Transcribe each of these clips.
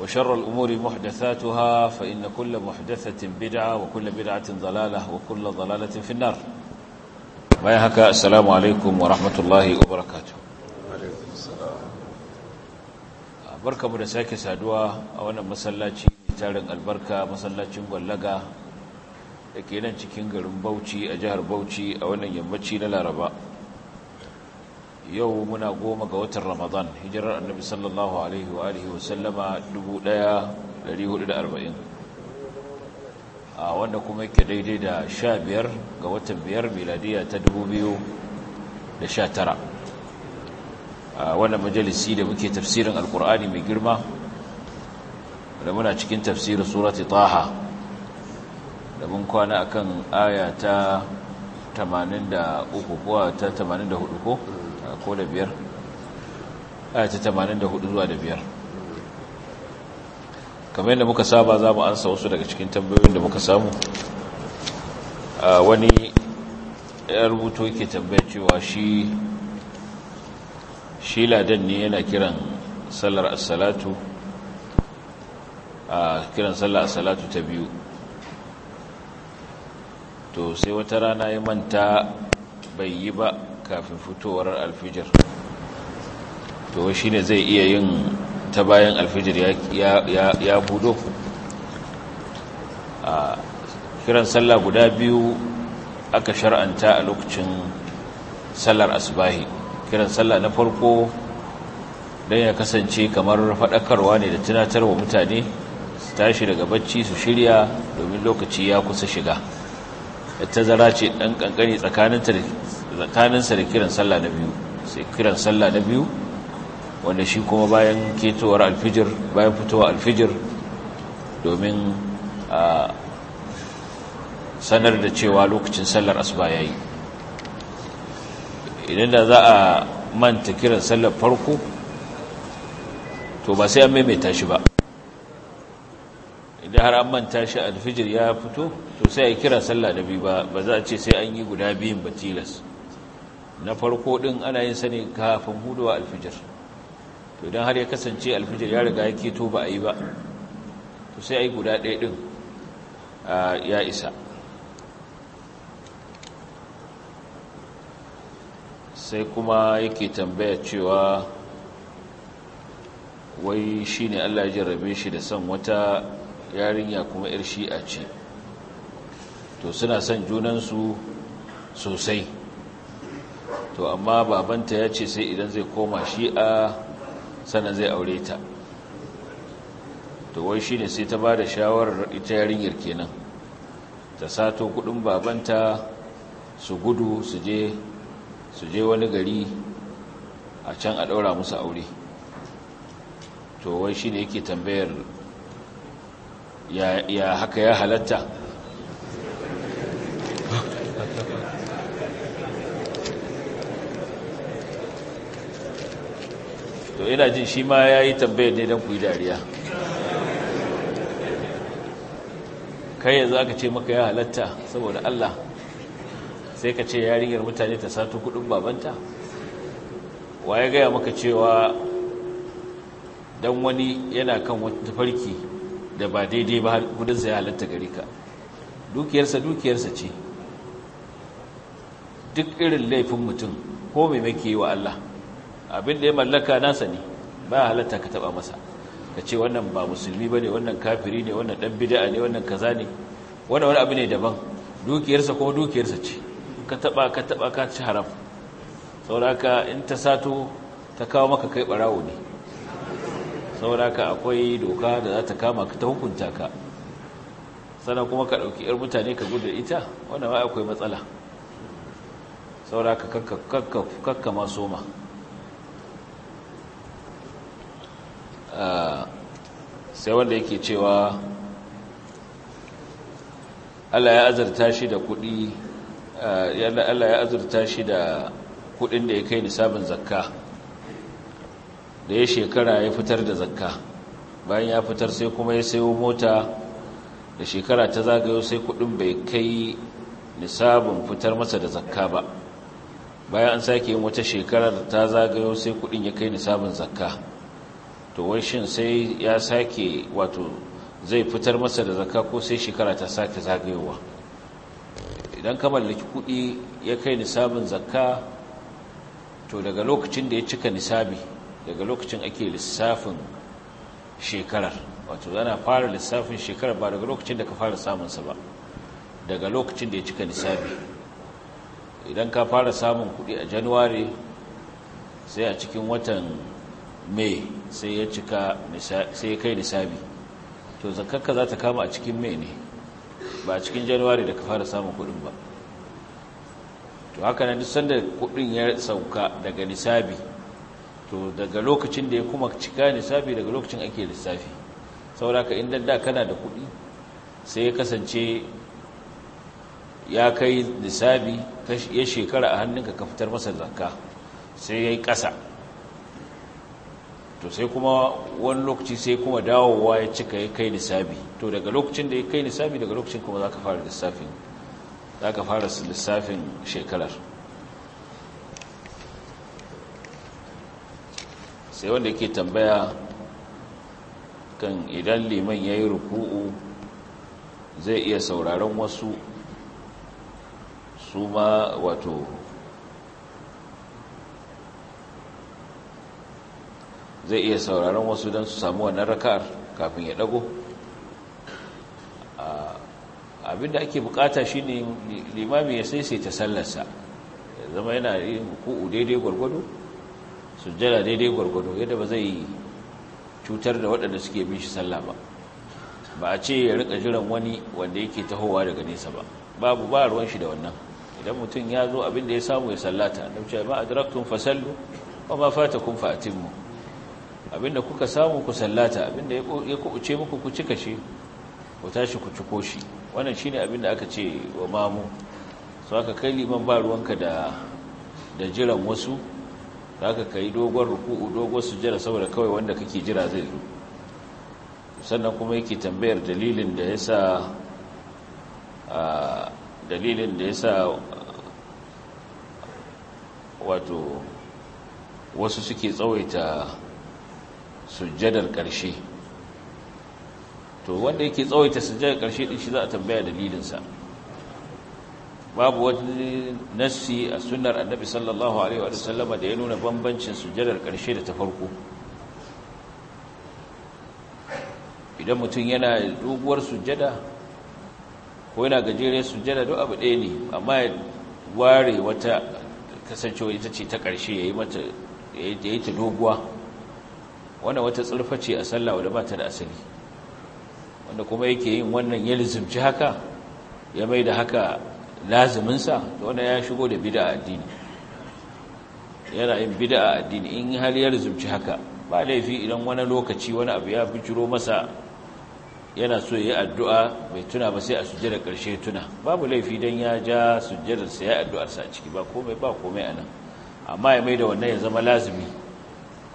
وشر الأمور محدثاتها فإن كل محدثة بدعة وكل بدعة ضلالة وكل ضلالة في النار بايهك السلام عليكم ورحمة الله وبركاته barka mu da sake saduwa a wannan masallaci tarin albarka masallacin gwallaga da ke nan cikin garin bauchi a jihar bauchi a wannan yammaci na laraba yau muna goma ga watan ramadan hijirar annabi sallallahu alaihi wa alihi wa sallama 1440 a wanda kuma yake daidai da sha biyar ga watan biyar miladiya ta dubu biyu da sha tara a wannan majalisi da muke tafsirin alkur'ani mai girma da muna cikin tafsirin surati taha da mun kwana akan aya ta 83 ko 84 ko ko da biyar ta 84 zuwa da biyar kamar yadda muka saba za mu ansa wasu daga cikin tambayoyin da muka samu wani ya rubuto yake tambaya cewa shi shi ladan ne yana kiran sallar assalatu a kiran sallar assalatu ta biyu to sai wata rana ya manta bai yi ba kafin fitowar alfijir to shi ne zai iya yin ta bayan alfijir ya budo a kiran sallah guda biyu aka shar'anta a lokacin sallar asbahi kiran sallah na farko don ya kasance kamar faɗakarwa ne da tunatarwa mutane su tashi daga bacci su shirya domin lokaci ya kusa shiga tazara ce ɗan ƙanƙani tsakaninta tsakaninsa da kiran sallah na biyu sai kiran sallah na biyu wanda shi kuma bayan ketowar alfijir bayan fitowa alfijir domin a sanar da cewa lokacin sallar asuba ya yi idan da za a manta kiran sallar farko to ba sai an maimaita shi ba idan har an manta shi alfijir ya fito to sai a kiran sallah da biyu ba ba za a ce sai an yi guda biyun ba tilas na farko din ana yin sani kafin huduwa alfijir to idan har ya kasance alfijir ya riga ya to ba a yi ba to sai a yi guda ɗaya ɗin ya isa sai kuma yake tambaya cewa wai shi ne Allah ya jarrabe shi da son wata yarinya kuma 'yar a ce to suna son junansu sosai to amma babanta ya ce sai idan zai koma shi'a sannan zai aure ta to wai shi ne sai ta ba da shawarar ita yarinyar kenan ta sato kudin babanta su gudu su je wani gari a can a daura musu aure to wai shi ne yake tambayar ya haka ya halatta ina jin shi ma ya yi tambayar ne don ku yi dariya kai yanzu aka ce maka ya halatta saboda Allah sai ka ce yarinyar mutane ta sato kudin babanta Wa ya gaya maka cewa don wani yana kan wata farki da ba daidai ba kudinsa ya halatta gari ka dukiyarsa dukiyarsa ce duk irin laifin mutum ko mai make wa Allah abin da ya mallaka nasa ne ba halatta ka taba masa ka ce wannan ba musulmi ba ne wannan kafiri ne wannan dan bid'a ne wannan kaza ne wannan wani abu ne daban dukiyarsa kuma dukiyarsa ce ka taba ka taba ka ci haram sauraka in ta sato ta kawo maka kai barawo ne sauraka akwai doka da za ta kama ka ta hukunta ka sannan kuma ka ɗauki 'yar mutane ka gudu ita wannan ma akwai matsala sauraka kakka maso ma Eh, sai wanda yake cewa Allah ya azurta shi da kudi eh, Allah ya azurta shi da kudin da ya kai nisabin zakka da ya shekara ya fitar da zakka bayan ya fitar sai kuma ya sayo mota da shekara ta zagayo sai kudin bai kai nisabin fitar masa da zakka ba bayan an sake yin wata shekarar ta zagayo sai kudin ya kai nisabin zakka to wai shin sai ya sake wato zai fitar masa da zaka ko sai shekara ta sake zagayowa idan ka mallaki kuɗi ya kai nisabin zakka to daga lokacin da ya cika nisabi daga lokacin ake lissafin shekarar wato zana fara lissafin shekarar ba daga lokacin da ka fara samunsa ba daga lokacin da ya cika nisabi idan ka fara samun kuɗi a januwari sai a cikin watan mai sai ya cika sai kai nisabi to zakarka za ta kama a cikin mai ne ba a cikin januwari da ka fara samun kudin ba to haka na duk sanda kudin ya sauka daga nisabi to daga lokacin da ya kuma cika nisabi daga lokacin ake lissafi sauraka ka inda da kana da kudi sai ya kasance ya kai nisabi ya shekara a hannunka ka fitar masa zakka sai ya yi ƙasa to sai kuma wani lokaci sai kuma dawowa ya cika ya kai nisabi to daga lokacin da ya kai nisabi daga lokacin kuma za ka fara lissafin za ka fara lissafin shekarar sai wanda yake tambaya kan idan liman ya yi ruku'u zai iya sauraron wasu su ma wato zai iya sauraron wasu don su samu wannan raka'ar kafin ya dago ah, abinda ake bukata shi ne limami ya sai ta sallarsa zama yana yin ku'u daidai gwargwado su jala daidai gwargwado yadda ba zai cutar da waɗanda suke bin shi sallah ba ba a ce ya rika jiran wani wanda yake tahowa daga nesa ba babu ba ruwan shi da wannan idan mutum ya zo abin da ya samu ya sallata annabi ba ma adraktum fasallu ba ma kun fa'timmu abinda kuka samu ku sallata abinda ya kubuce muku ku cika shi ku tashi ku ciko shi wannan shine abinda aka ce wa mamu so aka kai liman ba ruwanka da da jiran wasu zaka kai dogon ruku'u dogon jira saboda kawai wanda kake jira zai zo sannan kuma yake tambayar dalilin da yasa a dalilin da yasa wato wasu suke tsawaita sujjadar ƙarshe to wanda yake tsawaita sujjadar ƙarshe din shi za a tambaya dalilinsa babu wani nassi a sunar annabi sallallahu alaihi wa sallama da ya nuna bambancin sujjadar ƙarshe da ta farko idan mutum yana doguwar sujjada ko yana gajeriyar sujjada duk abu ɗaya ne amma ya ware wata kasancewa ita ce ta ƙarshe ya yi ta doguwa wanda wata tsurfa ce a sallah wadda ba ta da asali wanda kuma yake yin wannan ya lizimci haka ya mai da haka laziminsa to wanda ya shigo da bida a addini yana yin bida a addini in har ya lizimci haka ba laifi idan wani lokaci wani abu ya bijiro masa yana so ya yi addu'a mai tuna ba sai a da ƙarshe tuna babu laifi don ya ja sujjadarsa ya addu'arsa a ciki ba komai ba komai a nan amma ya mai da wannan ya zama lazumi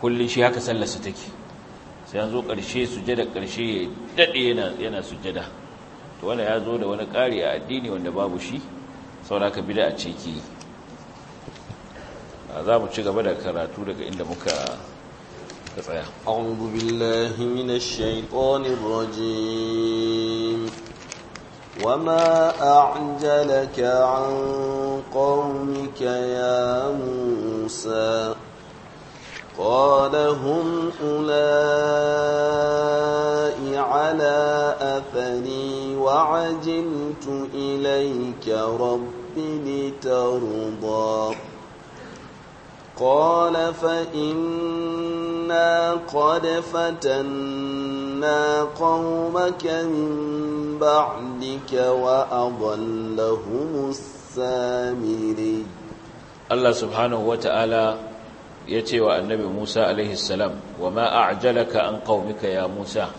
kullum shi haka sallarsa take sai an zo ƙarshe sujada ƙarshe ya daɗe yana sujada to wanda ya zo da wani ƙari a addini wanda babu shi sauraka bida a ciki. za mu ci gaba da karatu daga inda muka tsaya أعوذ بالله من الشيطان الرجيم وما أعجلك عن قومك ya musa. قال هم أولئك على أثري وعجلت إليك رب لترضى قال فإنا قد فتنا قومك من بعدك وأضلهم السامري الله سبحانه وتعالى ya ce wa annabi Musa alaihi salam wa ma a'jalaka an qaumika ya Musa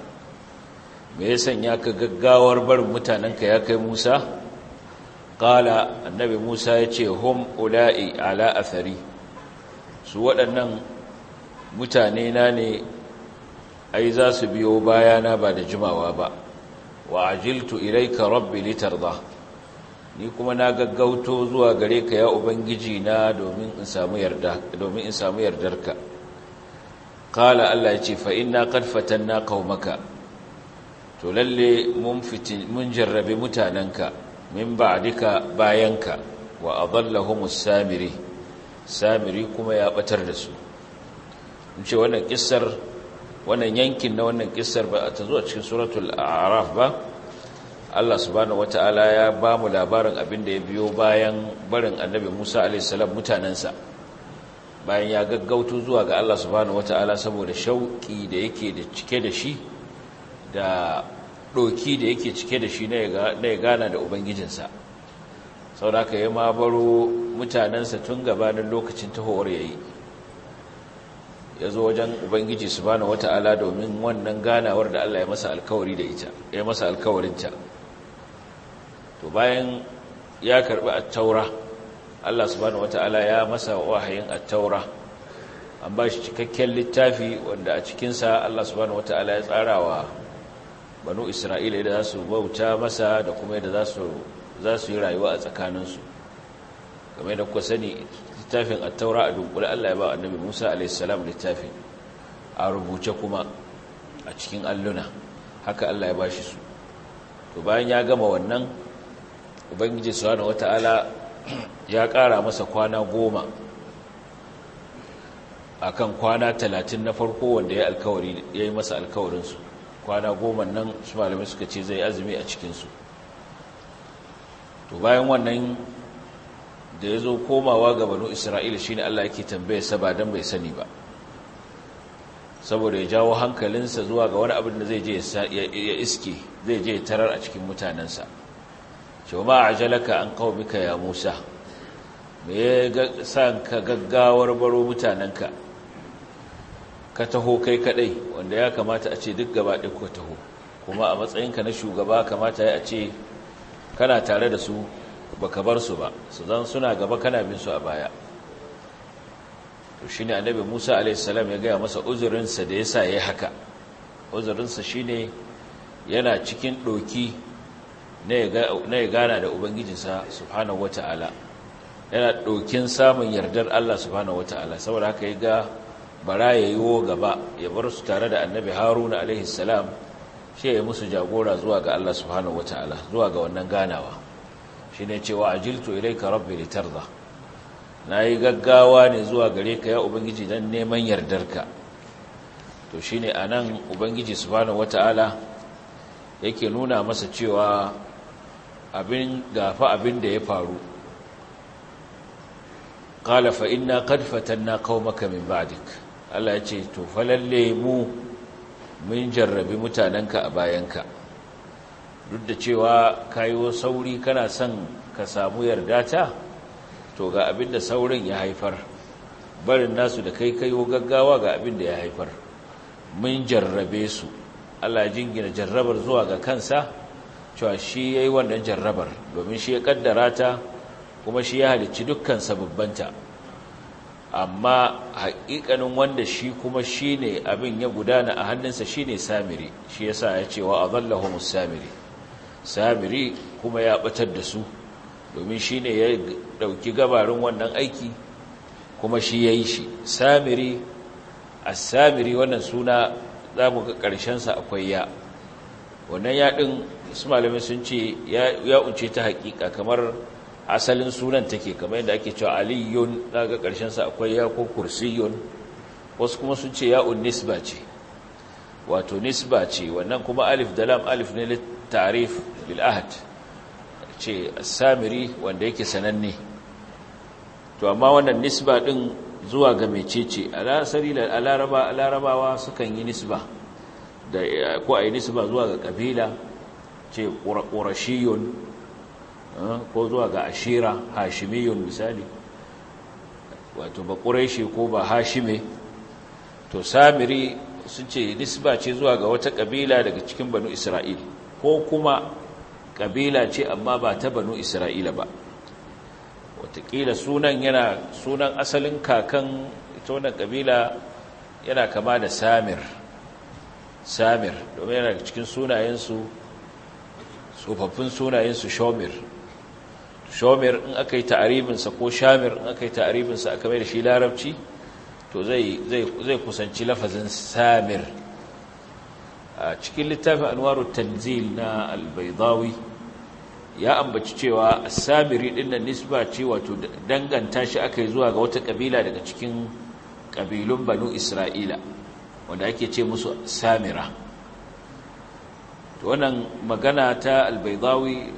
me ya sanya ka gaggawar barin mutanenka ya kai Musa qala annabi Musa ya ce hum ula'i ala athari su waɗannan mutane na ne ai za su biyo bayana ba da jimawa ba wa ajiltu ilayka rabbi litarda ni kuma na gaggauto zuwa gare ka ya ubangiji na domin in samu yardar ka kala yardarka Ƙala allah ya ce fa inna na na qaumaka to lalle mun fitin mun jarrabe mutananka min ba'dika bayanka wa adallahumus samiri samiri kuma ya batar da su mun ce wannan kissar wannan yankin na wannan ƙisar ba ta zuwa cikin suratul a'raf ba Allah subhanahu wata'ala ya ba mu labarin abin da ya biyo bayan barin annabi Musa alaihi salam mutanansa bayan ya gaggauto zuwa ga Allah subhanahu wata'ala saboda shauki da yake da cike da shi da doki da yake cike da shi na ya gana da ubangijinsa sauraka ya ma baro mutanensa tun gabanin lokacin tahowar ya yi, ya zo wajen ubangiji subhanahu wata'ala domin wannan ganawar da Allah ya masa alkawari da masa alkawarinta to bayan ya karbi at-taura Allah subhanahu wataala ya masa wahayin at-taura an ba shi cikakken littafi wanda a cikinsa Allah subhanahu wataala ya tsara wa banu Isra'ila yadda za su bauta masa da kuma yadda za su yi rayuwa a tsakaninsu game da kuka sani littafin attaura a dunkule Allah ya ba annabi Musa alaihissalam littafi a rubuce kuma a cikin alluna haka Allah ya ba shi su to bayan ya gama wannan ubangiji subhanahu wata'ala ya ƙara masa kwana goma a kan kwana talatin na farko wanda ya yi masa alkawarinsu kwana goma nan su malamai suka ce zai azumi a cikinsu to bayan wannan da ya zo komawa ga banu isra'ila ne allah yake tambaye sa ba don bai sani ba saboda ya jawo hankalinsa zuwa ga wani abin da zai je ya iske zai je ya tarar a cikin mutanensa shi a jalaka an qaumika ya Musa me ya san ka gaggawar baro mutanenka ka taho kai kadai wanda ya kamata a ce duk gaba ɗaya ko taho kuma a matsayinka na shugaba kamata ya ce kana tare da su baka bar su ba su zan suna gaba kana bin su a baya Shin a annabi Musa a.s. ya gaya masa uzurinsa da ya yasa yayi haka uzurinsa shine yana cikin ɗoki. na ya gana da ubangijinsa subhanahu wata'ala yana ɗokin samun yardar Allah subhanahu wata'ala saboda haka ya ga bara ya yiwo gaba ya bar su tare da annabi haruna alaihi salam shi ya musu jagora zuwa ga Allah subhanahu wata'ala zuwa ga wannan ganawa shi ne cewa ajiltu ilaika rabbi litarda na yi gaggawa ne zuwa gare ka ya ubangiji don neman yardarka to shi ne a nan ubangiji subhanahu wata'ala yake nuna masa cewa abin gafa abin da ya faru qala fa inna qad fatanna qaumaka min ba'dik Allah ya ce to falalle mu mun jarrabi mutanenka a bayan ka. duk da cewa kayo sauri kana son ka samu yarda ta to ga abin da saurin ya haifar barin nasu da kai kayo gaggawa ga abin da ya haifar mun jarrabe su Allah jingina jarrabar zuwa ga kansa cewa shi ya yi wannan jarrabar domin shi ya kaddara ta kuma shi ya halicci dukkan sababbanta amma haƙiƙanin wanda shi kuma shi ne abin ya gudana a hannunsa shi ne samiri shi ya sa ya ce wa a zallahumus samiri samiri kuma ya ɓatar da su domin shi ne ya ɗauki gabarin wannan aiki kuma shi ya yi shi samiri a samiri wannan suna za mu ga ƙarshensa akwai ya wannan yaɗin su malamai sun ce ya unce ta haƙiƙa kamar asalin sunan take kamar yadda ake cewa aliyun daga ƙarshensa akwai ya ko kursiyun wasu kuma sun ce ya'un nisba ce wato nisba ce wannan kuma alif da lam alif ne na tarif bil'ahad ce samiri wanda yake sananne to amma wannan nisba din zuwa ga mecece a larabawa sukan yi nisba da eh, ko a yi nisba zuwa ga kabila ce ƙurashiyun eh, ko zuwa ga ashira hashimiyun misali wato ba ƙurashi ko ba hashime to samiri sun ce nisba ce zuwa ga wata kabila daga cikin banu isra'il ko kuma ƙabila ce amma ba ta banu isra'ila ba watakila sunan yana sunan asalin kakan ita wannan kabila yana kama da samir samir domin yana cikin sunayensu tsofaffin sunayensu shomir shomir in aka yi ta'aribinsa ko shamir in aka yi ta'aribinsa aka mai da shi larabci to zai kusanci lafazin samir a cikin littafin anwarun tanzil na albaidawi ya ambaci cewa samiri din da nisba ce wato danganta shi aka yi zuwa ga wata kabila daga cikin kabilun banu isra'ila wanda ake ce musu samira wannan magana ta albaidawi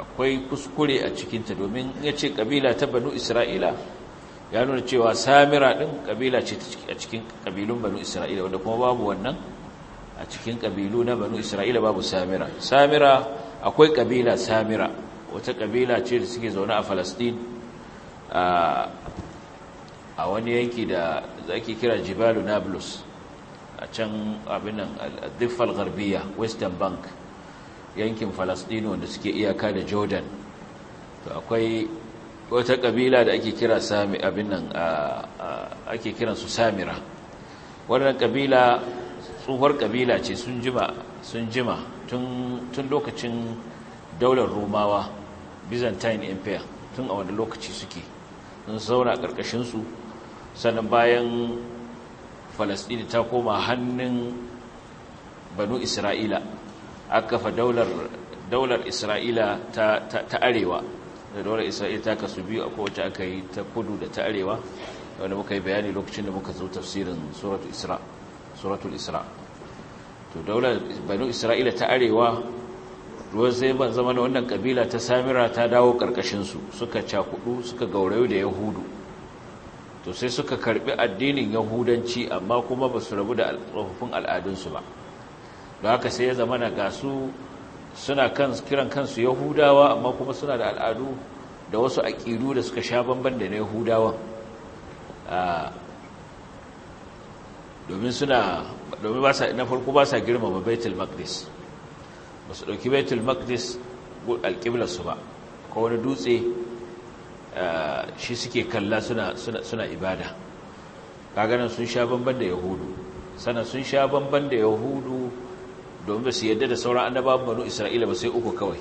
akwai kuskure a cikinta domin ya ce ƙabila ta banu isra'ila ya nuna cewa samira ɗin ƙabila ce a cikin ƙabilun banu isra'ila wanda kuma babu wannan a cikin ƙabilu na banu isra'ila babu samira samira akwai ƙabila samira wata ƙabila ce da suke zaune a falastin a wani yanki da ake kira jibalu nablus a can abinan nan al garbiya western bank yankin falasdino wanda suke iyaka da jordan to akwai wata kabila da ake kira sami abinan ake kiransu samira wannan kabila tsohuwar kabila ce sun jima sun jima tun lokacin daular romawa byzantine empire tun a wani lokaci suke sun zauna a ƙarƙashinsu sannan bayan falasdini ta koma hannun banu isra'ila aka fa daular isra'ila ta arewa da daular isra'ila ta kasu biyu a kowace aka yi ta kudu da ta arewa wanda muka yi bayani lokacin da muka zo tafsirin suratul isra to daular banu isra'ila ta arewa ruwan sai ban zama na wannan kabila ta samira ta dawo karkashinsu suka cakudu suka gaurayu da yahudu to sai suka karbi addinin yahudanci amma kuma ba su rabu da tsofaffin al'adunsu ba da haka sai ya zama ga su suna kiran kansu yahudawa amma kuma suna da al'adu da wasu aƙidu da suka sha bamban da na yahudawan domin suna domin na farko ba sa girmama baitul maqdis ba su ɗauki baitul maqdis alƙiblarsu ba ko wani dutse Eh, shi suke kalla suna ibada kaganan sun sha banban da yahudu sannan sun sha bamban da yahudu domin su yadda da sauran annabawan banu isra'ila ba sai uku kawai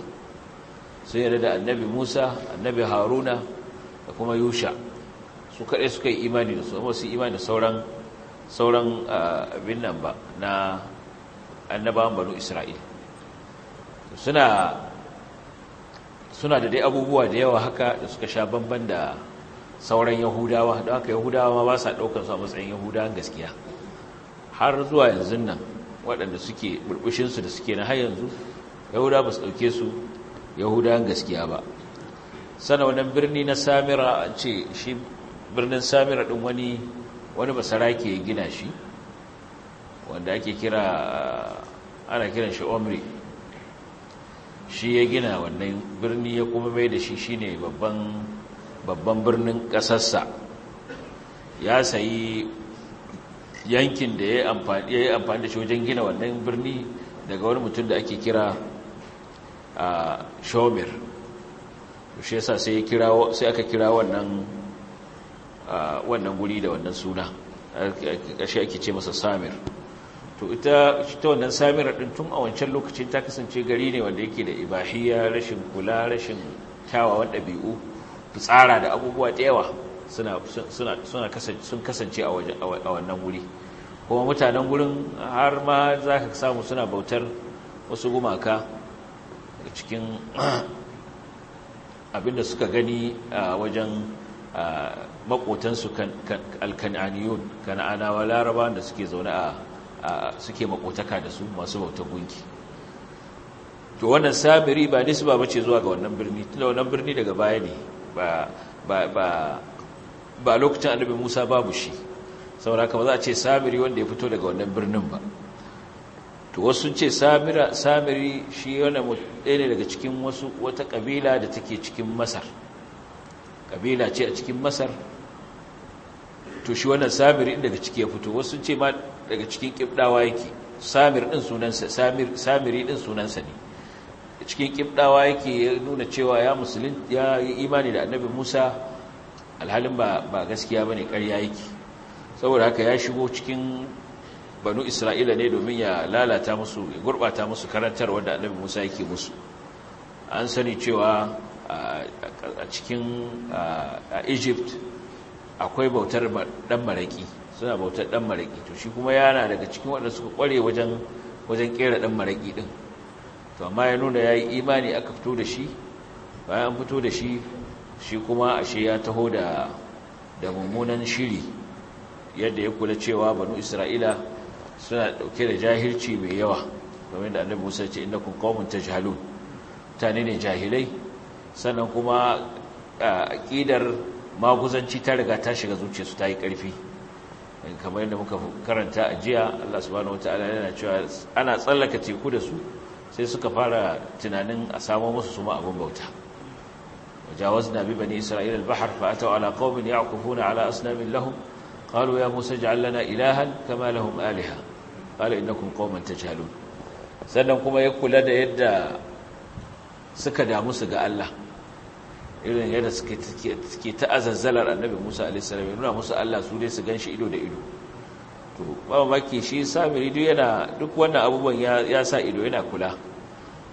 sun yadda da annabi musa annabi haruna da kuma yusha su kaɗai suka yi imani da su amma su imani da sauran sauran eh, abin nan ba na annabawan banu isra'ila suna suna da dai abubuwa da yawa haka da suka sha bamban da sauran yahudawa don haka yahudawa ma ba sa daukar su a matsayin yahudawan gaskiya har zuwa yanzu nan waɗanda suke burbushinsu da suke na har yanzu yahuda ba su ɗauke su yahudawan gaskiya ba sana wannan birni na samira ce shi birnin samira ɗin wani wani basarake gina shi wanda ake kira ana kiran shi omri shi ya gina wannan birni ya kuma mai da shi shine babban babban birnin ƙasarsa ya sayi yankin da ya yi amfani da shi wajen gina wannan birni daga wani mutum da ake kira a shomir shi yasa sai aka kira wannan wannan guri da wannan suna shi ake ce masa samir to ita ta wannan samira ɗin tun a wancan lokacin ta kasance gari ne wanda yake da ibahiyya rashin kula rashin kyawawan ɗabi'u tsara da abubuwa da yawa sun kasance a wannan wuri kuma mutanen wurin har ma za ka samu suna bautar wasu gumaka cikin abinda suka gani a wajen makotansu alkan'aniyun kana'anawa laraba da suke zaune a suke makotaka da su masu bautar gunki to wannan samiri ba ba bace zuwa ga wannan birni tunda wannan birni daga baya ne ba lokacin annabi Musa babu shi saboda kama za a ce samiri wanda ya fito daga wannan birnin ba to wasu sun ce samira samiri shi yana ɗaya ne daga cikin wasu wata kabila da take cikin Masar kabila ce a cikin Masar to shi wannan samiri daga ciki ya fito wasu sun ce ma daga cikin kibdawa yake samir din sunansa samir samiri din sunansa ne cikin kibdawa yake ya nuna cewa ya musulun ya imani da annabi Musa alhalin ba ba gaskiya bane ƙarya yake saboda haka ya shigo cikin banu Isra'ila ne domin ya lalata musu ya gurbata musu karantar wanda annabi Musa yake musu an sani cewa a cikin a Egypt akwai bautar dan maraki suna bautar dan maraƙi to shi kuma yana daga cikin wanda suka kware wajen wajen ƙera dan maraƙi din to amma ya nuna yayi imani aka fito da shi bayan an fito da shi shi kuma ashe ya taho da da mummunan shiri yadda ya kula cewa banu isra'ila suna dauke da jahilci mai yawa kamar da annabi Musa ce innakum qaumun tajhalun mutane ne jahilai sannan kuma aqidar maguzanci ta riga ta shiga zuciyarsu ta yi ƙarfi kamar yadda muka karanta a jiya Allah subhanahu wataala yana cewa ana tsallaka teku da su sai suka fara tunanin a samo musu su ma abin bauta wajawazna bi bani isra'ila al-bahr fa ataw ala qaumin ya'kufuna ala asnamin lahum qalu ya musa ij'al lana ilahan kama lahum alaha qala innakum qauman tajhalun sannan kuma ya kula da yadda suka damu su ga Allah irin yadda suke ta azazzalar annabi musa alisalam ya nuna musu allah su dai su gan shi ido da ido to ba mamaki shi samiri duk yana duk wannan abubuwan ya sa ido yana kula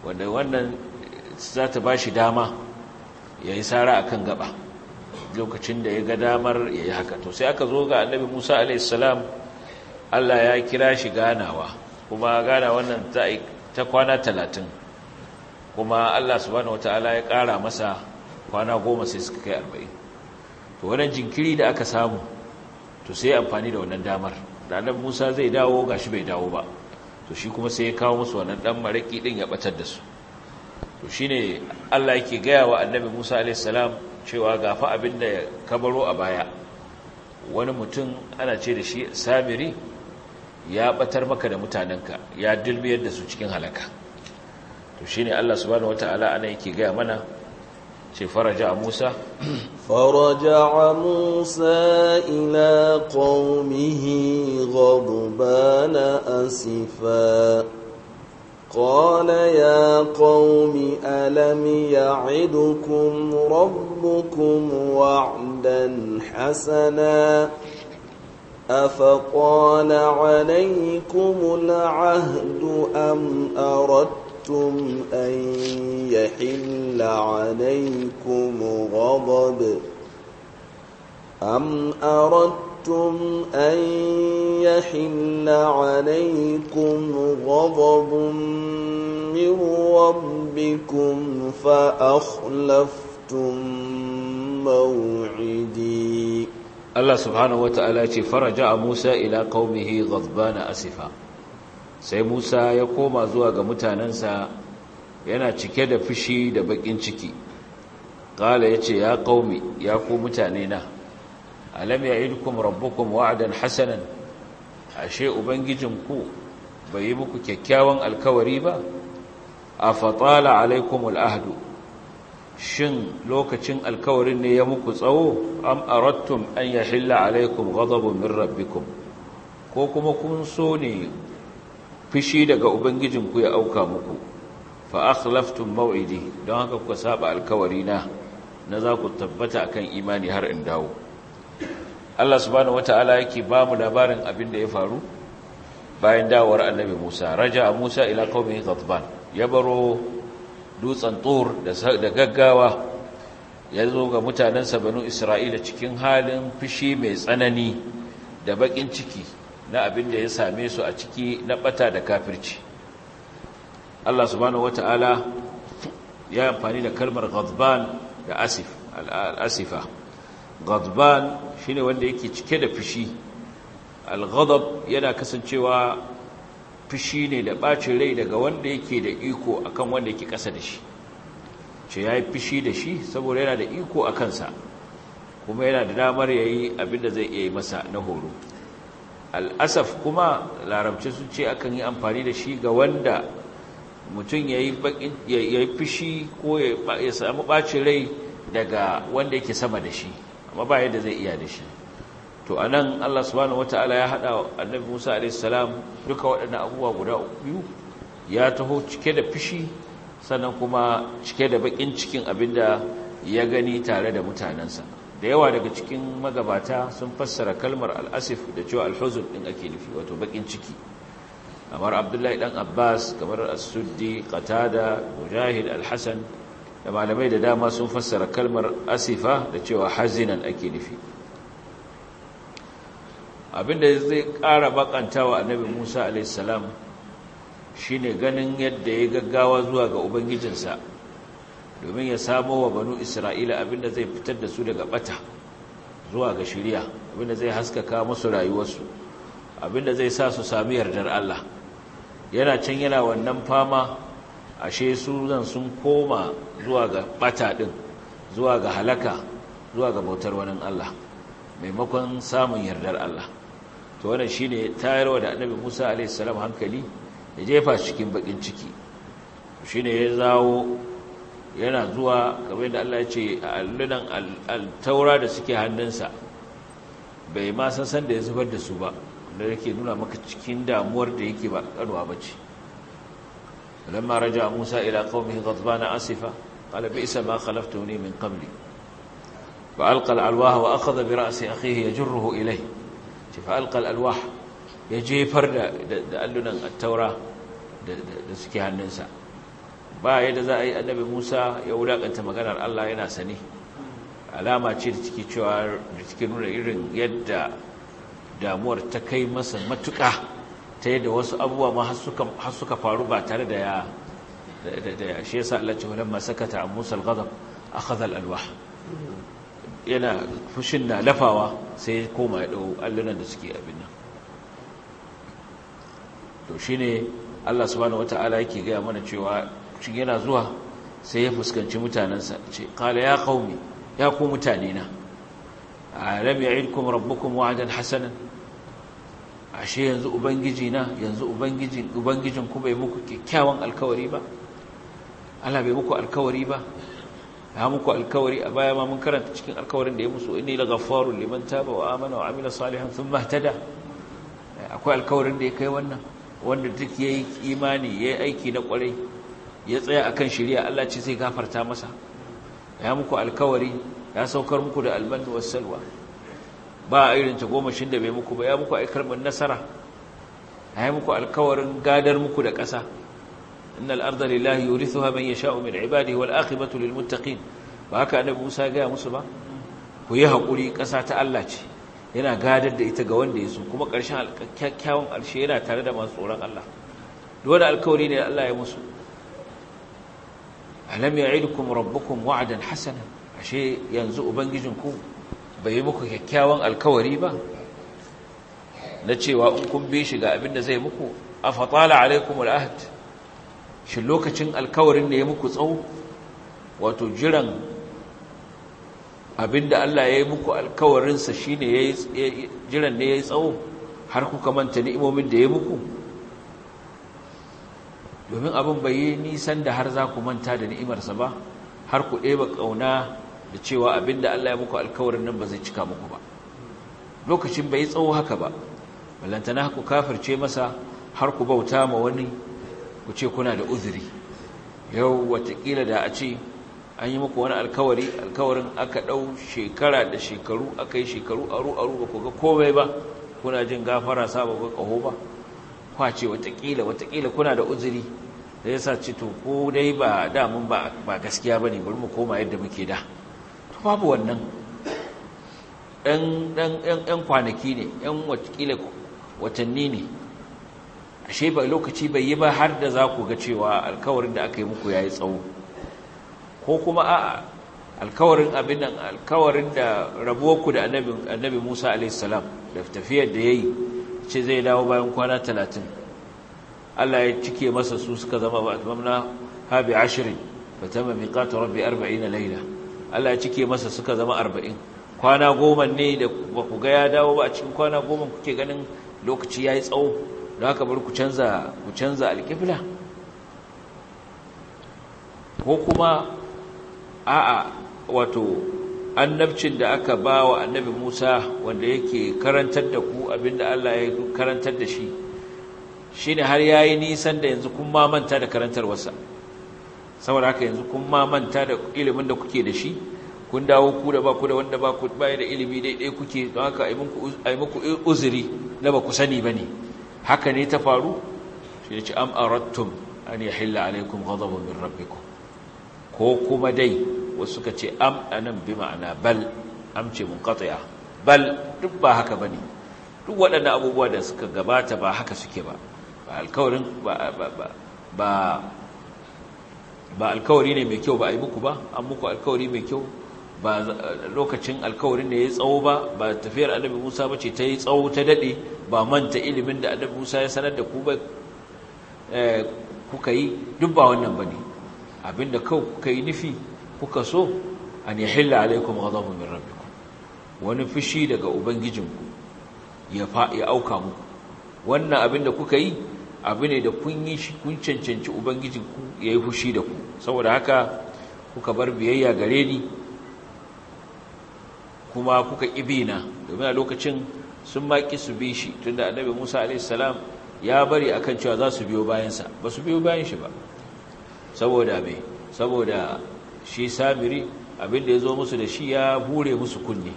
wanda wannan za ta ba shi dama ya yi sara a kan gaba lokacin da ya ga damar ya yi haka to sai aka zo ga annabi musa alisalam allah ya kira shi ganawa kuma gana wannan ta kwana talatin kuma allah subhanahu wataala ya kara masa kwana goma sai suka kai arba'in to wannan jinkiri da aka samu to sai amfani da wannan damar da musa zai dawo ga shi bai dawo ba to shi kuma sai ya kawo musu wannan dan maraki din ya batar da su to shi ne Allah yake gaya wa annabi Musa alayhis cewa gafa abin da ya baro a baya wani mutum ana ce da shi Samiri ya batar maka da mutanenka ya dilbiyar da su cikin halaka to shi ne Allah subhanahu wataala ana yake gaya mana فرجع موسى فرجع موسى إلى قومه غضبان أسفا قال يا قوم ألم يعدكم ربكم وعدا حسنا أفقال عليكم العهد أم أردت خفتم أن يحل عليكم غضب أم أردتم أن يحل عليكم غضب من ربكم فأخلفتم موعدي الله سبحانه وتعالى فرجع موسى إلى قومه غضبان أسفا sai musa ya koma zuwa ga mutanensa yana cike da fushi da bakin ciki kala ya ce ya kaumi ya ku mutane na alam ya idukum rabbukum wa'adan hasanan ashe ubangijinku bai yi muku kyakkyawan alkawari ba a fatala alaikum ahdu shin lokacin alkawarin ne ya muku tsawo am arattum an yahilla alaikum ghadabun min rabbikum ko kuma kun so ne fishi daga ubangijinku ya auka muku fa akhlaftum don haka kuka saba alkawari na na za ku tabbata kan imani har in dawo Allah subhanahu wataala yake ba mu labarin abin da ya faru bayan dawowar annabi Musa raja a Musa ila qaumihi ghadban ya baro dutsen tur da gaggawa ya zo ga mutanensa banu Isra'ila cikin halin fishi mai tsanani da bakin ciki na abin da ya same su a ciki na ɓata da kafirci Allah subhanahu ta'ala ya amfani da kalmar ghadban da asif al-asifa ghadban shine wanda yake cike da fishi. al-ghadab yana kasancewa fishi ne da ɓacin rai daga wanda yake da iko akan wanda yake kasa da shi ce yayi fushi da shi saboda yana da iko a kansa. kuma yana da damar yayi abin da zai iya yi masa na horo al'asaf kuma larabci sun ce akan yi amfani da shi ga wanda mutum ya yi fushi ko ya samu ɓacin rai daga wanda yake sama da shi amma ba yadda zai iya da shi to a nan allah subhanahu wata'ala ya haɗa annabi musa alaihissalam duka waɗannan abubuwa guda biyu ya taho cike da fushi sannan kuma cike da baƙin cikin abinda ya gani tare da mutanensa da yawa daga cikin magabata sun fassara kalmar al'asif da cewa alhuzun ɗin ake nufi wato bakin ciki kamar abdullahi ɗan abbas kamar asuddi qatada mujahid alhassan da malamai da dama sun fassara kalmar asifa da cewa hazinan ake nufi abinda zai ƙara bakanta wa annabi musa alaihissalam shine ganin yadda ya gaggawa zuwa ga ubangijinsa domin ya samo wa banu isra'ila abinda zai fitar da su daga bata zuwa ga shirya abinda zai haskaka musu rayuwarsu abinda zai sa su sami yardar Allah yana can yana wannan fama ashe su zan sun koma zuwa ga bata din zuwa ga halaka zuwa ga bautar wani Allah maimakon samun yardar Allah to wannan shine tayarwa da annabi Musa alaihi salam hankali ya jefa cikin bakin ciki shine ya zawo yana zuwa kamar da Allah ya ce a allunan altaura da suke hannunsa bai ma san da ya zubar da su ba da yake nuna maka cikin damuwar da yake ba karuwa ba ce lamma raja musa ila qaumihi asifa qala isa ma khalaftuni min kamli. fa alƙal alwaha wa akhadha bi ya akhihi ilai ilayhi fa alƙal alwaha ya jefar da allunan altaura da suke hannunsa ba yadda za a yi annabi musa ya wulaƙanta maganar allah yana sani alama ce da ciki cewa da ciki nuna irin yadda damuwar ta kai masa matuka ta yadda wasu abubuwa ma har suka faru ba tare da ya shi ya sa Allah ce sakata a Musa al-ghadab a al alwa yana fushin na lafawa sai ya koma ya dau allunan da suke abin nan to shi ne Allah subhanahu wataala yake gaya mana cewa shi yana zuwa sai ya fuskanci mutanensa ce kala ya qaumi ya ku mutane na alam ya'idkum rabbukum wa'dan hasanan ashe yanzu ubangiji na yanzu ubangijin ubangijin ku bai muku kyakkyawan alkawari ba Allah bai muku alkawari ba ya muku alkawari a baya ma mun karanta cikin alkawarin da ya musu inni laghaffarun liman taba wa amana wa amila salihan thumma ihtada akwai alkawarin da ya kai wannan wanda duk yayi imani yi aiki na kwarai ya tsaya akan shiriya Allah ce zai gafarta masa ya muku alkawari ya saukar muku da almanni wasalwa ba a irin ta goma shin da bai muku ba ya muku aikar mun nasara ya muku alkawarin gadar muku da ƙasa Inna arda lillahi yurithuha man yasha'u min ibadihi wal akhiratu lil muttaqin ba haka annabi Musa ya gaya musu ba ku yi hakuri ƙasa ta Allah ce yana gadar da ita ga wanda ya so kuma ƙarshen kyakkyawan alshe yana tare da masu tsoron Allah dole alkawari ne Allah ya musu alam rabbu rabbukum wa'dan hasana ashe yanzu ubangijinku bai yi muku kyakkyawan alkawari ba na cewa in kun bi shi ga abin da zai muku afatala alaikum al'ahd shi lokacin alkawarin ne ya muku tsawo wato jiran abinda Allah ya yi muku alkawarinsa shine jiran ne ya yi tsawo har kuka manta ni'imomin da ya yi muku domin abin bai yi nisan da har za ku manta da ni'imarsa ba har ku ɗeba ƙauna da cewa abin da Allah ya muku alkawarin nan ba zai cika muku ba lokacin bai tsawo haka ba ballantana ku kafirce masa har ku bauta ma wani ku ce kuna da uzuri yau watakila da a ce an yi muku wani alkawari alkawarin aka ɗau shekara da shekaru aka yi shekaru aru aru ba ku ga komai ba kuna jin gafara sa ba ku ƙaho ba kwace watakila watakila kuna da uzuri da yasa ce to ko dai ba damun ba ba gaskiya bane bari mu koma yadda muke da to babu wannan ɗan kwanaki ne ɗan watakila watanni ne ashe ba lokaci bai yi ba har da za ku ga cewa alkawarin da aka yi muku ya yi tsawo ko kuma a alkawarin abin nan alkawarin da rabuwarku da annabi musa salam da tafiyar da yayi ce zai dawo bayan kwana talatin Allah ya cike masa su suka zama ba atmamna ashirin fa miqatu rabbi 40 layla Allah ya cike masa suka zama arba'in kwana goma ne da ba ku ga ya dawo ba a cikin kwana goma kuke ganin lokaci yayi tsawo da haka bari ku canza ku canza alqibla ko kuma a'a wato annabcin da aka ba wa annabi Musa wanda yake karantar da ku abinda Allah ya karantar da shi shine har yayi nisan da yanzu kun ma manta da karantarwarsa saboda haka yanzu kun ma manta da ilimin da kuke da shi kun dawo ku da ba ku da wanda ba ku ba da ilimi daidai kuke don haka ai muku uzuri na ba ku sani bane haka ne ta faru shi ya ce am arattum an yahilla alaikum ghadabun min rabbikum ko kuma dai wasu ka ce am anan bi ma'ana bal am ce munqati'a bal duk ba haka bane duk waɗannan abubuwa da suka gabata ba haka suke ba ba alkawarin ba ba ba alkawari ne mai kyau ba a yi muku ba an muku alkawari mai kyau ba lokacin alkawarin ne ya tsawo ba ba tafiyar annabi Musa ba ce ta yi tsawo ta daɗe ba manta ilimin da annabi Musa ya sanar da ku ba eh, kuka yi duk ba wannan ba ne. abinda kau kuka yi nufi kuka so an yahilla alaikum ghadabun min rabbikum wani fushi daga ubangijinku ya fa ya auka muku wannan abinda kuka yi abu ne da kun yi shi kun cancanci ubangijinku yayi fushi da ku saboda haka kuka bar biyayya gare ni kuma kuka ibina domin a lokacin sun ki su bi shi tunda annabi Musa alaihi salam ya bari akan cewa za su biyo bayansa ba su biyo bayan shi ba saboda mai saboda shi samiri abinda ya zo musu da shi ya hure musu kunne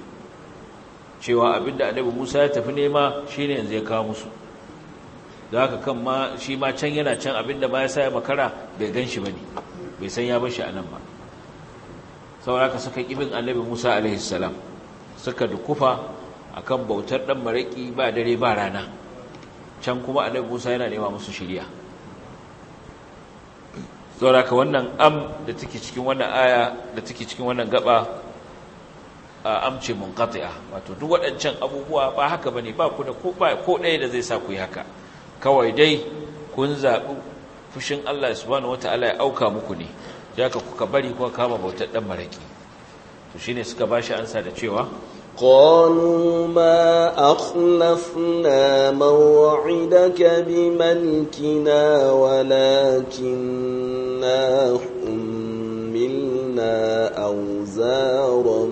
cewa abinda annabi musa ya tafi nema shi ne yanzu ya kawo musu Za ka kan ma shi ma can yana can abinda ba ya sa ya makara bai gan shi ba ne bai san ya bashi shi a nan ba saboda suka ƙibin annabi musa alaihissalam suka dukufa kan bautar ɗan maraƙi ba dare ba rana can kuma annabi musa yana nema musu shirya sauraka wannan am da take cikin wannan aya da take cikin wannan gaba a amce qati'a wato duk waɗancan abubuwa ba haka bane ba ku da ko ba ko ɗaya da zai sa ku yi haka kawai dai kun zaɓi fushin Allah subhanahu wataala ya auka muku ne ka kuka bari kuka kama bautar dan maraki to shine suka bashi ansa da cewa قالوا ما أخلفنا موعدك بملكنا ولكننا حملنا أوزارا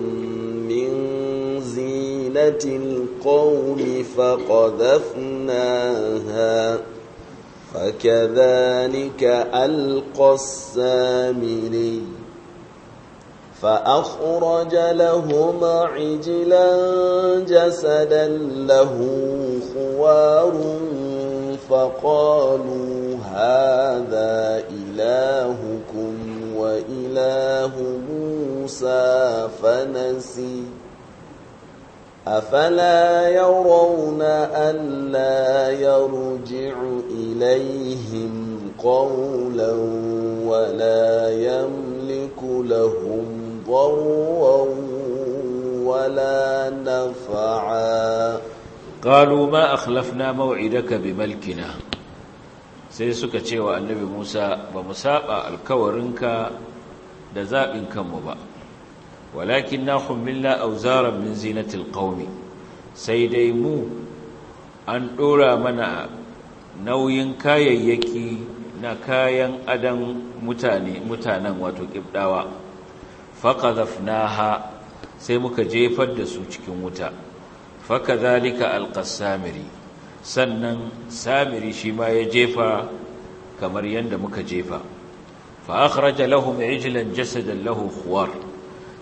من زينة القوم فقذفناها فكذلك ألقى السامري فأخرج لهما عجلا جسدا له خوار فقالوا هذا إلهكم وإله موسى فنسي أفلا يرون ألا يرجع إليهم قولا ولا يملك لهم ضرا ولا نفعا قالوا ما أخلفنا موعدك بملكنا sai suka ce wa annabi Musa ba mu saba alkawarinka da zaɓin kanmu ba walakin na hummilla auzaran min zinatil qaumi sai dai mu an ɗora mana nauyin kayayyaki na kayan adan mutane mutanen wato ƙibɗawa faqadhafnaha sai muka jefar da su cikin wuta fakadhalika alqasamiri sannan samiri shi ma ya jefa kamar yadda muka jefa fa akhraja lahum ijlan jasadan lahu khuwar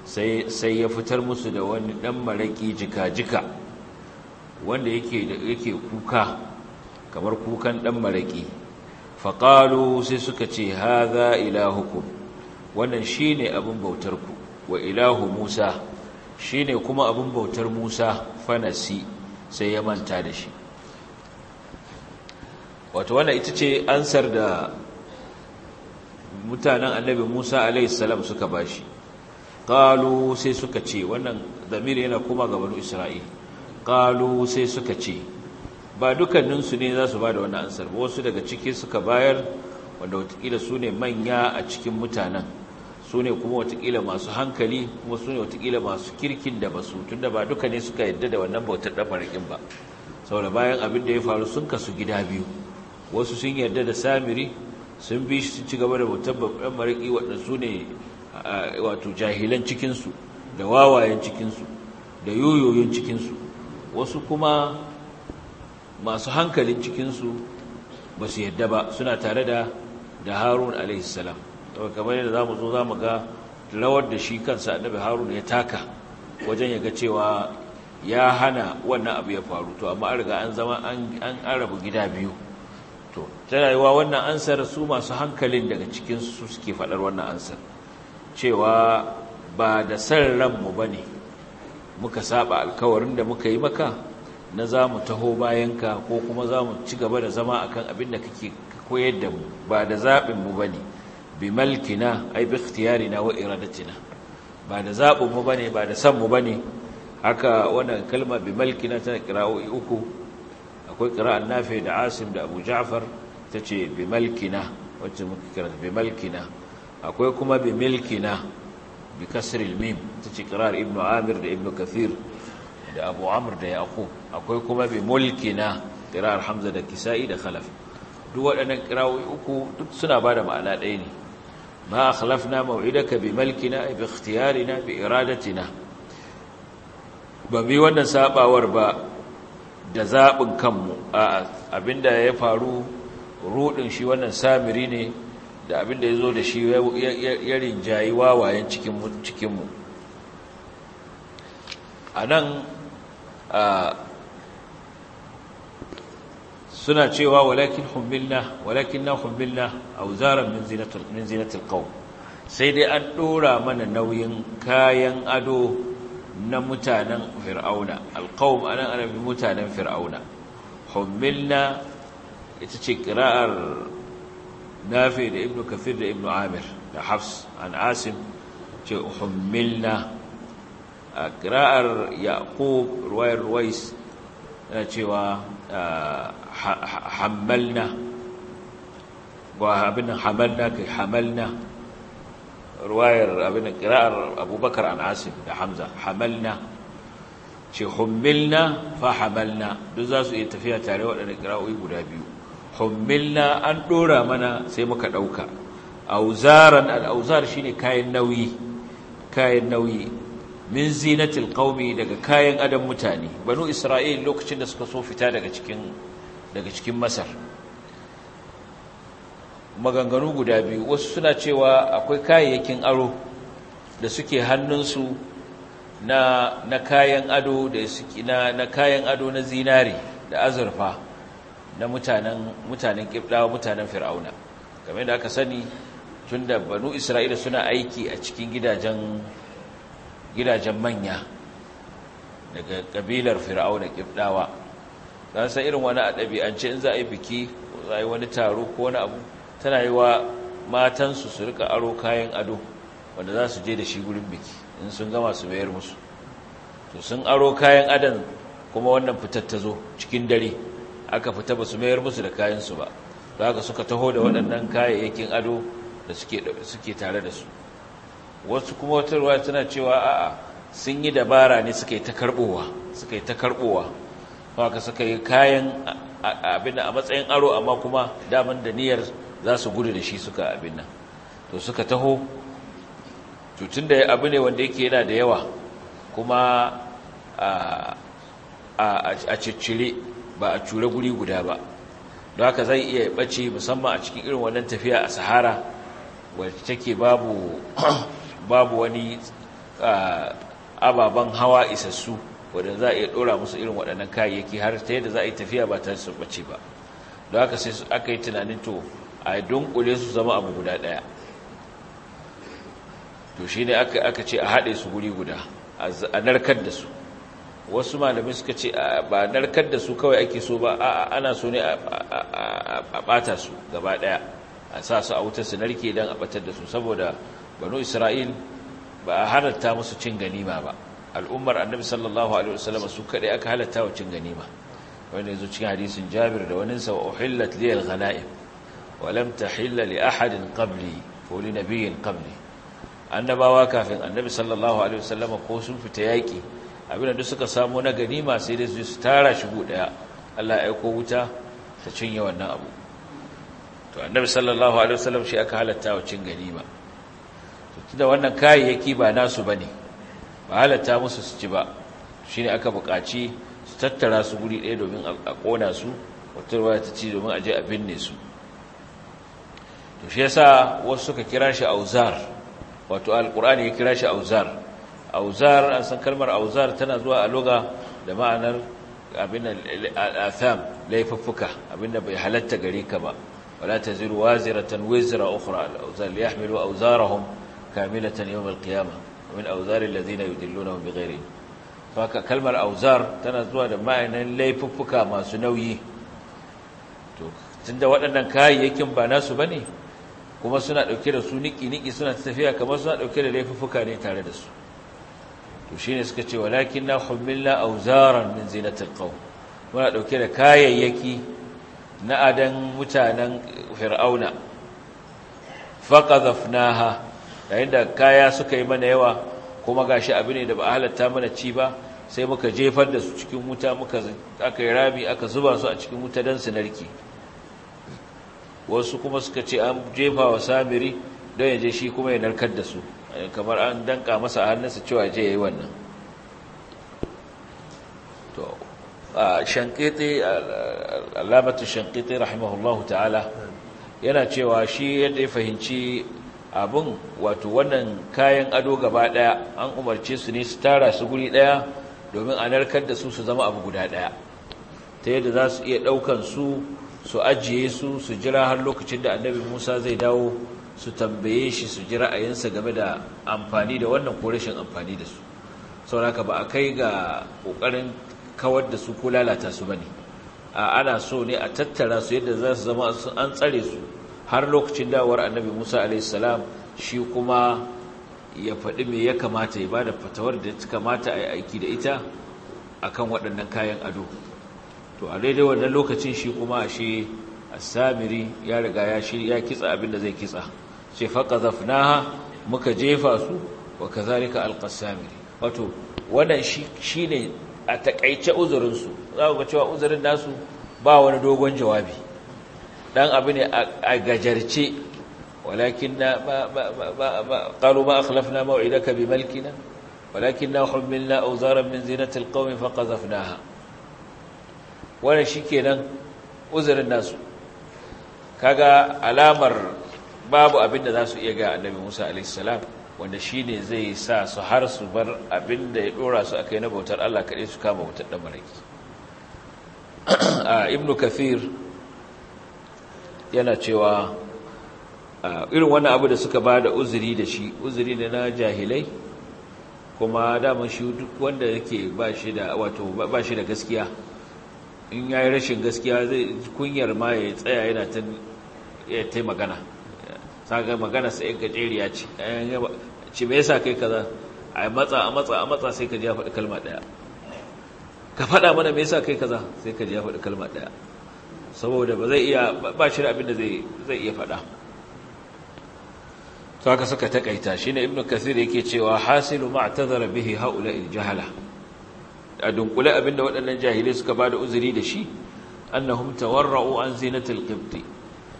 sai sai ya fitar musu da wani dan maraki jika-jika wanda yake yake kuka kamar kukan dan maraki faqalu sai suka ce hadha ilahukum wannan shi ne abin bautar ku wa ilahu Musa ne kuma abin bautar Musa fanasi sai ya manta da shi wato wannan ita ce ansar da mutanen annabi Musa alaihi salam suka bashi ƙalu sai suka ce wannan zamiri yana kuma ga banu Isra'il sai suka ce ba dukkaninsu ne za su ba da wannan ansar ba wasu daga ciki suka bayar wanda watakila su ne manya a cikin mutanen su ne kuma watakila masu hankali kuma su ne watakila masu kirkin da ba su tun da ba duka ne suka yadda da wannan bautar ɗan maraƙin ba saboda bayan abin da ya faru sun kasu gida biyu wasu sun yadda da samiri sun bi shi ci gaba da bautar ɗan maraƙi su ne wato jahilan cikinsu da wawayen cikinsu da yoyoyin cikinsu wasu kuma masu hankalin cikinsu ba su yadda ba suna tare da da harun alaihissalam daga kamar yadda za mu zo za mu ga rawar da shi kansa annabi haruna ya taka wajen ya ga cewa ya hana wannan abu ya faru to amma riga an zama an arabu gida biyu to ta rayuwa wannan ansar su masu hankalin daga cikin su suke faɗar wannan ansar cewa ba da san ranmu ba ne muka saba alkawarin da muka yi maka na za mu taho bayanka ko kuma za mu ci gaba da zama akan abin da kake koyar da mu ba da zaɓinmu ba ne bi malkina ai bi ikhtiyarina wa iradatina ba da zabun mu bane ba da san mu bane haka wannan kalma bi malkina ta qira'o'i uku akwai qira'an nafi da asim da abu ja'far tace bi malkina wacce muka kira bi malkina akwai kuma bi milkina bi kasril mim tace qira'ar ibnu amir da ibnu kathir da abu amr da yaqub akwai kuma bi mulkina qira'ar hamza da kisa'i da khalaf duk waɗannan ƙirawoyi uku duk suna ba da ma'ana ɗaya ne ما أخلفنا موعدك بملكنا باختيارنا بإرادتنا بمي وانا سابا وربا دزاب كم أبندا يفارو ruɗin شي wannan samiri ne da abin da ya zo da shi ya rinjayi wawayen cikinmu a nan suna cewa walakin hummilna walakin na hummilna auzaran min min zinatul sai dai an ɗora mana nauyin kayan ado na mutanen fir'auna alqaum anan arabi mutanen fir'auna hummilna ita ce kira'ar nafi da ibnu kafir da ibnu amir da hafs an asim ce hummilna a kira'ar yaqub ruwayar ruwais yana cewa ah, hamalna wa abin hamalna kai hamalna ruwayar abin kira'ar abubakar an da hamza hamalna ce hummilna fa hamalna duk za su iya tafiya tare waɗanda kira'o'i guda biyu hummilna an ɗora mana sai muka ɗauka auzaran al'auzar shi ne kayan nauyi kayan nauyi min zinatil qaumi daga kayan adam mutane banu isra'il lokacin da suka so fita daga cikin daga cikin masar maganganu guda biyu wasu suna cewa akwai kayayyakin aro da suke hannunsu na, na kayan ado da suke na, na kayan ado na zinare da azurfa na mutanen mutanen kibdawa mutanen fir'auna kamar da aka sani tunda banu isra'ila suna aiki a cikin gidajen gidajen manya daga kabilar fir'auna kibdawa na san irin wani a ɗabi'ance in za a yi biki za a yi wani taro ko wani abu tana yi wa matansu su rika aro kayan ado wanda za su je da shi gurin biki in sun gama su bayar musu to sun aro kayan adon kuma wannan fitar ta zo cikin dare aka fita ba su mayar musu da kayansu ba za ka suka taho da waɗannan kayayyakin ado da suke tare da su wasu kuma wata ruwa tana cewa a'a sun yi dabara ne suka yi ta karɓowa suka yi ta karɓowa haka suka yi kayan abin a matsayin aro amma kuma daman da niyyar za su gudu da shi suka abin nan to suka taho tutun da abu ne wanda yake yana da yawa kuma a ciccire ba a cure guri guda ba don haka zai iya ɓace musamman a cikin irin wannan tafiya a sahara wacce take babu wani ababen hawa isassu wadda za a iya ɗora musu irin waɗannan kayayyaki har ta yadda za a yi tafiya ba ta su ɓace ba don haka sai aka yi tunanin to a yi dunkule su zama abu guda ɗaya to shi ne aka ce a haɗe su guri guda a narkar da su wasu malamai suka ce ba narkar da su kawai ake so ba ana so ne a ɓata su gaba ɗaya a sa su a wutar su narke don a ɓatar da su saboda banu isra'il ba a halarta musu cin ganima ba al'ummar annabi sallallahu alaihi wasallam su kaɗai aka halatta wa cin ganima wanda zo cikin hadisin Jabir da wani sa uhillat li al-ghanaim wa lam tahilla li ahadin qabli ko li nabiyyin qabli annabawa kafin annabi sallallahu alaihi wasallam ko sun fita yaki abinda duk suka samu na ganima sai dai su tara shi gu daya Allah ya aiko wuta ta cinye wannan abu to annabi sallallahu alaihi wasallam shi aka halatta wa cin ganima to tunda wannan kayayyaki ba nasu bane ba halatta musu su ci ba shi ne aka buƙaci su tattara su guri ɗaya domin a ƙona su wata ruwa ta ci domin a je a binne su to shi yasa wasu suka kira shi auzar wato alƙur'ani ya kira shi auzar auzar an san kalmar auzar tana zuwa a loga da ma'anar abin al'atham laifuffuka abinda bai halatta gare ka ba wala taziru waziratan wizra ukhra al'auzar liyahmilu auzarahum kamilatan yawm al-qiyamah min auzarin lazina yudilluna bi faka kalmar auzar tana zuwa da ma'anan laifuffuka masu nauyi to tunda waɗannan kayayyakin ba nasu bane kuma suna dauke da su niki-niki suna tafiya kamar suna dauke da laifuffuka ne tare da su to shine suka ce walakin na hummilla auzaran min zinatil qaum muna dauke da kayayyaki na adan mutanen fir'auna faqadhafnaha yayin da kaya suka yi mana yawa kuma gashi abu ne da ba a halatta mana ci ba sai muka jefar da su cikin wuta muka aka yi rami aka zuba su a cikin wuta don su narki wasu kuma suka ce an jefa wa samiri don yaje shi kuma ya narkar da su kamar an danka masa a hannunsa cewa je ya yi wannan to a shankete alamatu shankete rahimahullahu ta'ala yana cewa shi yadda ya fahimci abin wato wannan kayan ado gaba daya an umarce su ne su tara su guri daya domin a narkar da su su zama abu guda daya ta yadda za su iya daukan su su ajiye su su jira har lokacin da annabi musa zai dawo su tambaye shi su ji ra'ayinsa game da amfani da wannan ko rashin amfani da su sauraka ba a kai ga ƙoƙarin kawar da su ko lalata su ba ne ana so ne a tattara su yadda za su zama an tsare su har lokacin dawar annabi Musa alaihissalam shi kuma ya faɗi me ya kamata ya ba da fatawar da ta kamata a yi aiki da ita a kan waɗannan kayan ado to a daidai wannan lokacin shi kuma shi samiri ya riga ya shi ya kitsa abin da zai kitsa ce faqazafnaha muka jefa su wa ka alƙasamiri." wato wannan shi ne a taƙaice uzurinsu. za ku ga cewa uzurin nasu ba wani dogon jawabi dan abu ne a gajarce walakin na qalu ma akhlafna maw'idaka bi malkina walakin na hummilna awzaran min zinatil qawmi fa qazafnaha wannan shikenan uzurin nasu kaga alamar babu abin da za su iya ga annabi Musa alaihissalam wanda shi ne zai sa su har su bar abin da ya ɗora su kai na bautar Allah kaɗai su kama wutar ɗan malaki ah, ibnu kafir yana cewa irin wannan abu da suka ba da uzuri da shi uzuri da na jahilai kuma daman shi duk wanda yake ba shi da ba shi da gaskiya in ya yi rashin gaskiya zai kunyar ma ya tsaya yana ta ta magana saka magana sai jeriya ce ce me yasa kai kaza a matsa a matsa a matsa sai ka ji ya faɗi kalma ɗaya ka faɗa mana me yasa kai kaza sai ka ji ya faɗi kalma ɗaya saboda ba zai iya ba shi da abinda zai iya faɗa to haka suka takaita shine ibnu ibn kathir yake cewa hasilu ma'tazara bihi haula aljahala. a dunkule abinda waɗannan jahilai suka ba da uzuri da shi annahum tawarra'u an zinatil qibti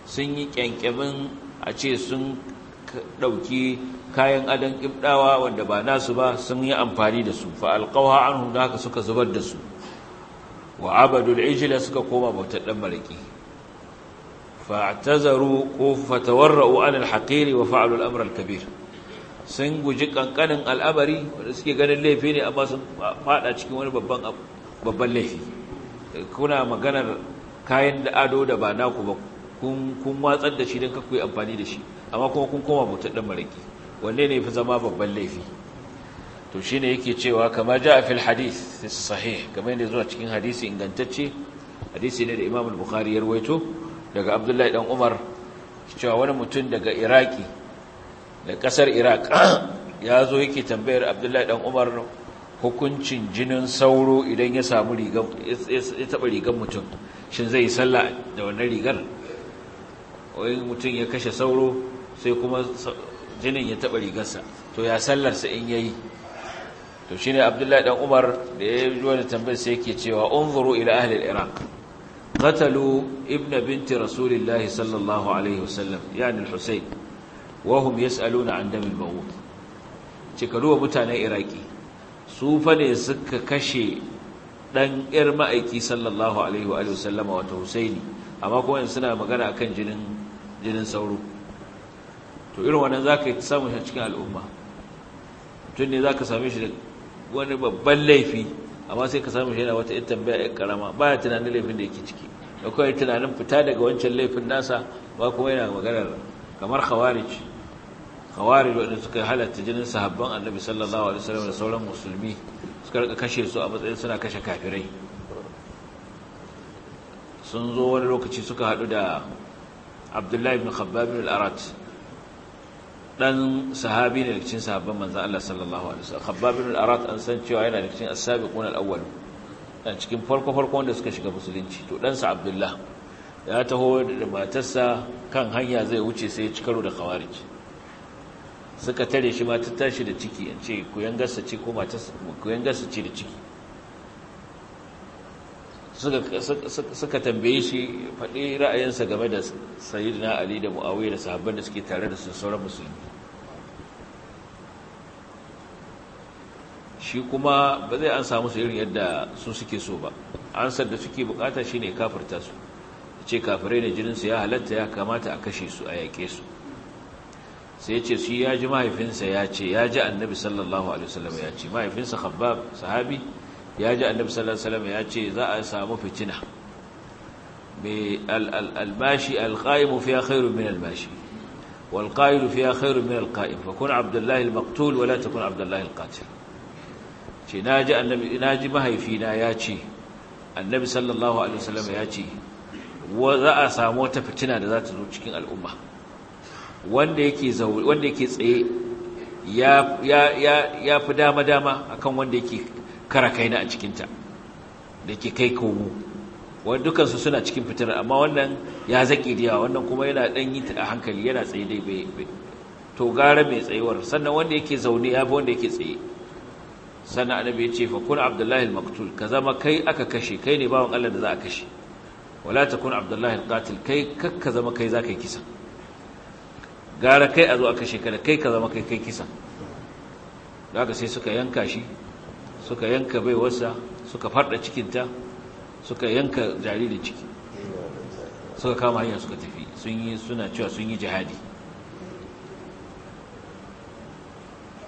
sun yi kyankyamin a ce sun ɗauki kayan adon ƙibɗawa wanda ba nasu ba sun yi amfani da su fa alƙawa anhum da haka suka zubar da su wa abadul ijla suka koma bautar dan maraki fa'tazaru ko fatawarra'u an al-haqiri wa fa'alu al-amr al-kabir sun guji kankanin al'amari wanda suke ganin laifi ne amma sun fada cikin wani babban babban laifi kuna maganar kayan da ado da ba naku ba kun kun watsar da shi don kakwai amfani da shi amma kuma kun koma bautar dan maraki wanne ne fi zama babban laifi to shi shine yake cewa kama a fil hadith fi sahih kama yadda zuwa cikin hadisi ingantacce hadisi ne da Imam al-Bukhari ya rawaito daga Abdullahi dan Umar cewa wani mutum daga Iraki da kasar Iraq ya zo yake tambayar Abdullahi dan Umar hukuncin jinin sauro idan ya samu rigar ya taɓa rigar mutum shi zai yi sallah da wannan rigar Wani mutum ya kashe sauro sai kuma jinin ya taba rigarsa to ya sallarsa in yayi to shi ne abdullahi ɗan umar da ya yi da tambayar sai ke cewa unzuru ila ahli iraq qatalu ibn binti rasulillah sallallahu alaihi wasallam yani al-husayn wa hum yas'aluna an dam al-mawt cikaruwa mutanen iraki su fa ne suka kashe dan yar ma'aiki sallallahu alaihi wa sallama wato husaini amma kuma suna magana akan jinin jinin sauro to irin wannan zaka samu shi cikin al'umma tun ne zaka same shi da wani babban laifi amma sai ka samu yana wata ita tambaya ya karama ba ya tunanin laifin da yake ciki da kawai tunanin fita daga wancan laifin nasa ba kuma yana maganar kamar khawarij khawarij wanda suka halatta jinin sahabban annabi sallallahu alaihi wasallam da sauran musulmi suka rika kashe su a matsayin suna kashe kafirai sun zo wani lokaci suka haɗu da abdullahi ibn khabbab al-arat dan sahabi ne cikin sahabban manzon Allah sallallahu alaihi wasallam Khabbab ibn al-Arat an san cewa yana cikin as-sabiqun al-awwal dan cikin farko farko wanda suka shiga musulunci to dan sa Abdullah ya taho da matarsa kan hanya zai wuce sai ya cikaro da khawarij suka tare shi ma ta tashi da ciki an ce ku yangarsa ce ko matarsa ku yangarsa ce da ciki suka tambaye shi faɗi ra'ayinsa game da sayyidina ali da muawiya da sahabban da suke tare da su sauran musulmi shi kuma ba zai an samu su irin yadda su suke so ba ansar da suke bukata shine kafirta su ce kafirai ne jininsu ya halatta ya kamata a kashe su a yaƙe su sai ce su ya ji mahaifinsa ya ce ya ji annabi sallallahu alaihi wasallam ya ce mahaifinsa khabbab sahabi ya ji annabi sallallahu alaihi wasallam ya ce za a samu fitina bi al-albashi al-qa'imu fiha khairun min al-bashi wal-qa'ilu fiha khairun min al-qa'im fa kun abdullahi al-maqtul wa la takun abdullahi al-qatil ce ji annabi naji mahaifina ya ce annabi sallallahu alaihi wasallam ya ce wa za a samu wata fitina da za ta zo cikin al'umma wanda yake wanda yake tsaye ya ya ya fi dama dama akan wanda yake kara kaina a cikinta da ke kai komo. wani dukansu suna cikin fitar amma wannan ya zaƙi yawa, wannan kuma yana ɗan yi a hankali yana tsaye dai bai to gara mai tsayuwar sannan wanda yake zaune ya bi wanda yake tsaye sannan annabi ya ce fa kun abdullahi al-maktul ka zama kai aka kashe kai ne bawan Allah da za a kashe wala ta takun abdullahi al-qatil kai ka zama kai za ka kisa gara kai a zo a kashe ka kai ka zama kai kai kisa da haka sai suka yanka shi suka yanka bai wasa suka farda cikinta suka yanka jaririn ciki suka kama hanyar suka tafi sun yi suna cewa sun yi jihadi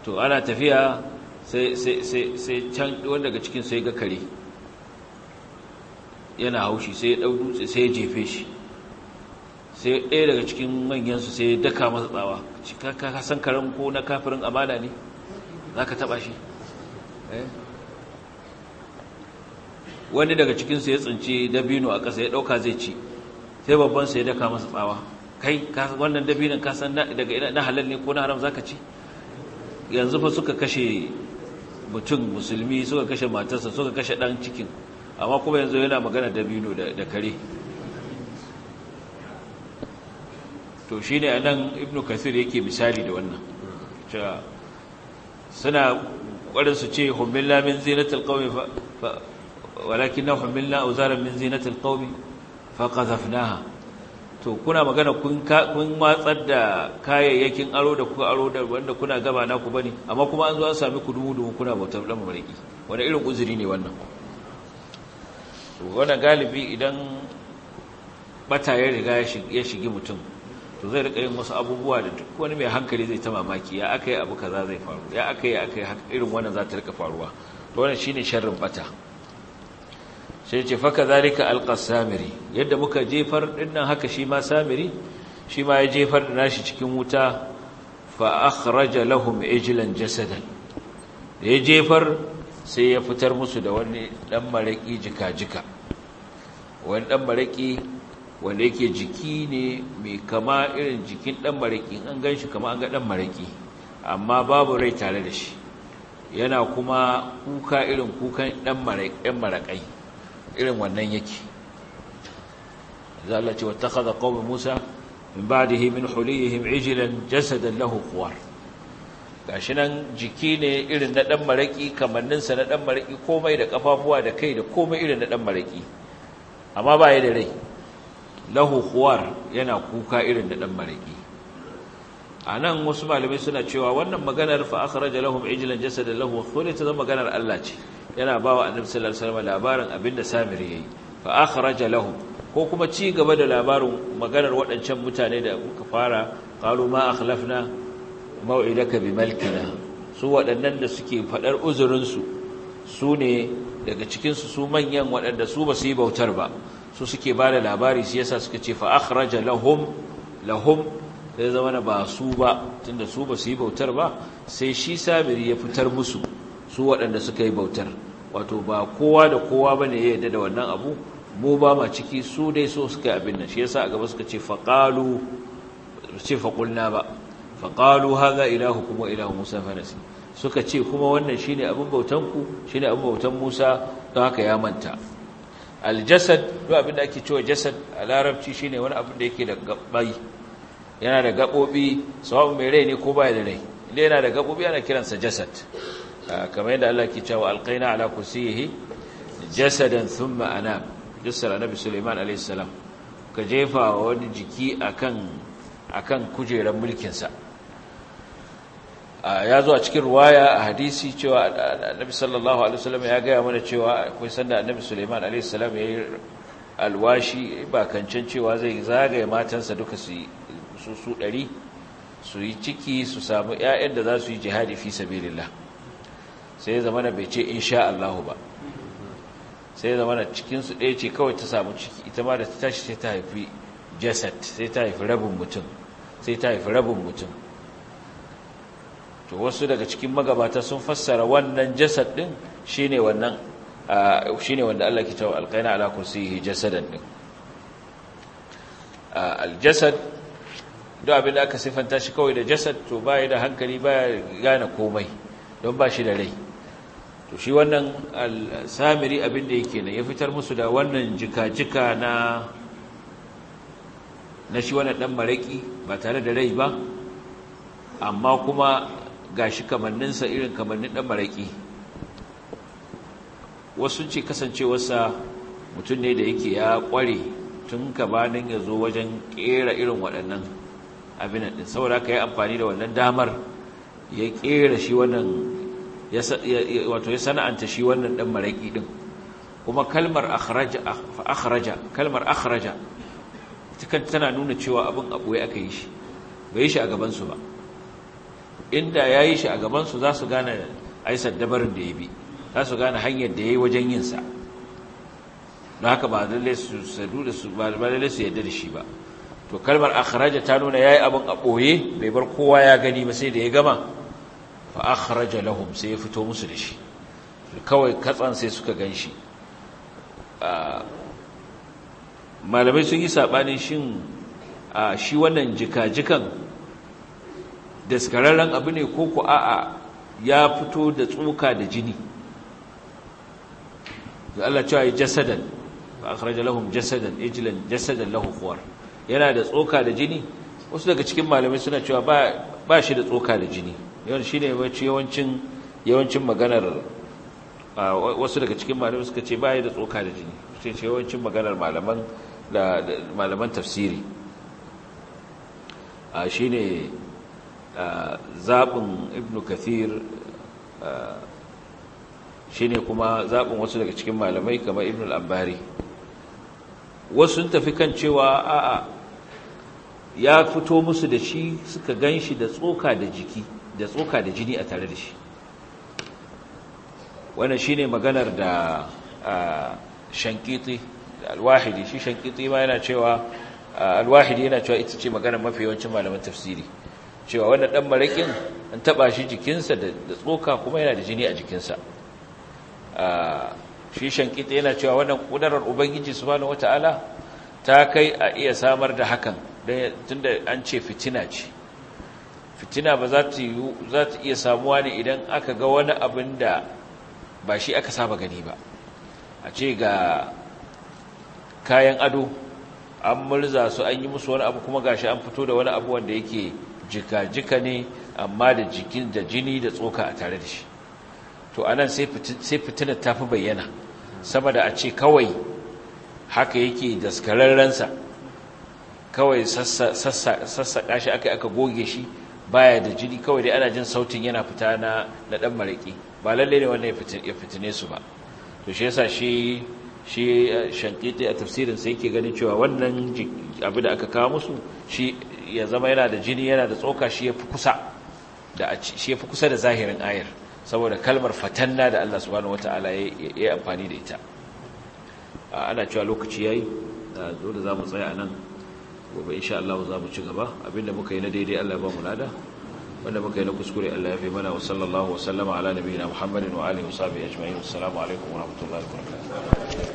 to ana tafiya sai can wanda daga cikin sai ga kare yana haushi sai ya ɗau dutse sai ya jefe shi sai ɗaya daga cikin manyansu sai ya daka masa tsawa ka san karen ko na kafirin amana ne za ka taɓa shi eh? wani daga cikinsu ya tsinci dabino a ƙasa ya ɗauka zai ci sai babban sa ya daka masa tsawa kai wannan dabinin ka san daga ina na halal ne ko na haram zaka ci yanzu fa suka kashe mutum musulmi suka kashe matarsa suka kashe dan cikin amma kuma yanzu yana magana dabino da kare to shine anan ibnu kasir yake misali da wannan cewa suna ƙwarin su ce hummilla min zinatul qawmi fa walakinna humilna awzara min zinatil qaumi faqadhafnaha to kuna magana kun kun watsar da kayayyakin aro da ku aro da wanda kuna gaba na ku bane amma kuma an zo an sami ku dubu dubu kuna bautar dan mariki wani irin uzuri ne wannan to wannan galibi idan bata ya riga ya shigi mutum to zai rika yin wasu abubuwa da duk wani mai hankali zai ta mamaki ya akai abu kaza zai faru ya akai akai irin wannan za ta rika faruwa to wannan shine sharrin bata sai ce faka zalika alqas samiri yadda muka jefar ɗinnan haka shi ma samiri shi ma ya jefar da nashi cikin wuta fa lahum ejilan jasadan da ya jefar sai ya fitar musu da wani ɗan maraƙi jika-jika wani ɗan maraƙi wanda yake jiki ne mai kama irin jikin ɗan maraƙi an gan shi kama an ga ɗan maraƙi. amma babu rai tare da shi yana kuma kuka irin kukan ɗan maraƙai. irin wannan yake zalla ce wattakhadha qawmu musa min ba'dihi min huliyihim ijlan jasadan lahu Ga gashi nan jiki ne irin na ɗan maraƙi, kamannin na ɗan maraki komai da kafafuwa da kai da komai irin na ɗan maraƙi. amma ba da rai lahu yana kuka irin na maraƙi. maraki anan wasu malamai suna cewa wannan maganar fa akhraja lahum ijlan jasadan lahu quwar ta zama maganar Allah ce yana bawa annabi sallallahu alaihi wasallam labarin abinda samir yayi fa akhraja lahum ko kuma ci gaba da labarin maganar waɗancan mutane da muka fara qalu ma akhlafna mau'idaka bi malkina su waɗannan da suke faɗar uzurin su su ne daga cikin su su manyan waɗanda su ba su yi bautar ba su suke ba da labari su yasa suka ce fa akhraja lahum lahum sai zama ba su ba tunda su ba su yi bautar ba sai shi sabiri ya fitar musu su waɗanda suka yi bautar wato ba kowa da kowa bane ya yadda da wannan abu mu ba ma ciki su dai so suka yi abin nan shi ya sa a gaba suka ce faƙalu ce faƙulna ba faƙalu haza, ilahu kuma ilahu musa fanasi suka ce kuma wannan shine abin bautanku, shi shine abin bautan musa don haka ya manta aljasad duk abin da ake cewa jasad a larabci ne wani abin da yake da gabbai yana da gabobi sawabin mai rai ne ko baya da rai idan yana da gabobi ana kiransa jasad kamar yadda Allah ke cewa alqaina ala kursiyihi jasadan thumma anam jisar annabi Sulaiman alayhi salam ka jefa wani jiki akan akan kujeran mulkin sa ya zo a cikin riwaya a hadisi cewa annabi sallallahu alaihi wasallam ya gaya mana cewa akwai sanda annabi Sulaiman alayhi salam yayi alwashi ba kancan cewa zai zagaye matansa duka su su su 100 su yi ciki su samu ƴaƴan da za su yi jihadi fi sabilillah sai ya zamana bai ce insha Allah ba sai ya zamana cikinsu ɗaya ce kawai ta samu ciki ita ma da ta tashi sai ta haifi jasad sai ta haifi rabin mutum sai ta haifi rabin mutum to wasu daga cikin magabata sun fassara wannan jasad ɗin ne wannan ne wanda Allah ke cewa alqaina ala kursiyihi jasadan ɗin aljasad don abin da aka sifanta shi kawai da jasad to baya da hankali baya gane komai don ba shi da rai to shi wannan samiri abin da yake nan ya fitar musu da wannan jika-jika na na shi wannan dan maraki ba tare da rai ba amma kuma ga gashi kamanninsa irin kamannin dan maraki wasu ce kasancewarsa mutum ne da yake ya kware tun gabanin ya zo wajen kera irin waɗannan abin din saboda ka yi amfani da wannan damar ya kera shi wannan wato ya sana'anta shi wannan dan maraki din kuma kalmar akhraja akhraja kalmar akhraja tana nuna cewa abin aboye aka yi shi bai shi a gaban su ba inda yayi shi a gaban za su gane aisar dabarin da ya bi za su gane hanyar da yayi wajen yin don haka ba lalle su sadu da yadda shi ba to kalmar akhraja ta nuna yayi abin aboye bai bar kowa ya gani ba sai da ya gama fa akhraja lahum sai ya fito musu da shi kawai katsan sai suka ganshi malamai sun yi sabanin shin shi wannan jika-jikan. jikajikan daskararren abu ne ko ku a'a ya fito da tsoka da jini da Allah cewa ya jasadan fa akhraja lahum jasadan ijlan jasadan lahu kuwar yana da tsoka da jini wasu daga cikin malamai suna cewa ba shi da tsoka da jini yawan shi ne yawancin yawancin maganar wasu daga cikin malamai suka ce bayan da tsoka da jini sai ce yawancin maganar malaman tafsiri shi ne zaɓin ibn kathir shi ne kuma zaɓin wasu daga cikin malamai kamar ibn al'ambari wasu tafi kan cewa a'a ya fito musu da shi suka gan shi da tsoka da jiki da tsoka da jini a tare da shi wannan shine maganar da shankiti alwahidi shi shankiti ma yana cewa alwahidi yana cewa ita ce maganar mafi yawancin malaman tafsiri cewa wannan dan marakin an taba shi jikinsa da tsoka kuma yana da jini a jikinsa shi shankiti yana cewa wannan kudarar ubangiji subhanahu wataala ta kai a iya samar da hakan tunda an ce fitina ce fitina ba za ta iya samuwa ne idan aka ga wani abin da ba shi aka saba gani ba a ce ga kayan ado an murza su an yi musu wani abu kuma gashi an fito da wani abu wanda yake jika-jika ne amma da jikin da jini da tsoka a tare da shi to anan sai fitina ta fi bayyana sama da a ce kawai haka yake daskararrensa kawai sassaƙa shi aka aka goge shi baya da jini kawai dai ana jin sautin yana fita na na dan mariki ba lalle ne wannan ya fitine su ba to shi yasa shi shi eh, shankiti a tafsirin sai yake ganin cewa wannan abu da aka kawo musu shi ya zama yana da jini yana da tsoka shi fi kusa da shi fi kusa da zahirin ayar saboda kalmar fatanna da Allah subhanahu wataala ya yi amfani da ita ah, ana cewa lokaci yayi da ah, zo da zamu tsaya anan gobe insha Allah za mu ci gaba abinda muka yi na daidai Allah ya ba mu lada wanda muka yi na kuskure Allah ya fi mana wa sallallahu wa sallama ala nabiyina Muhammadin wa alihi wa sahbihi ajma'in assalamu alaikum wa rahmatullahi wa barakatuh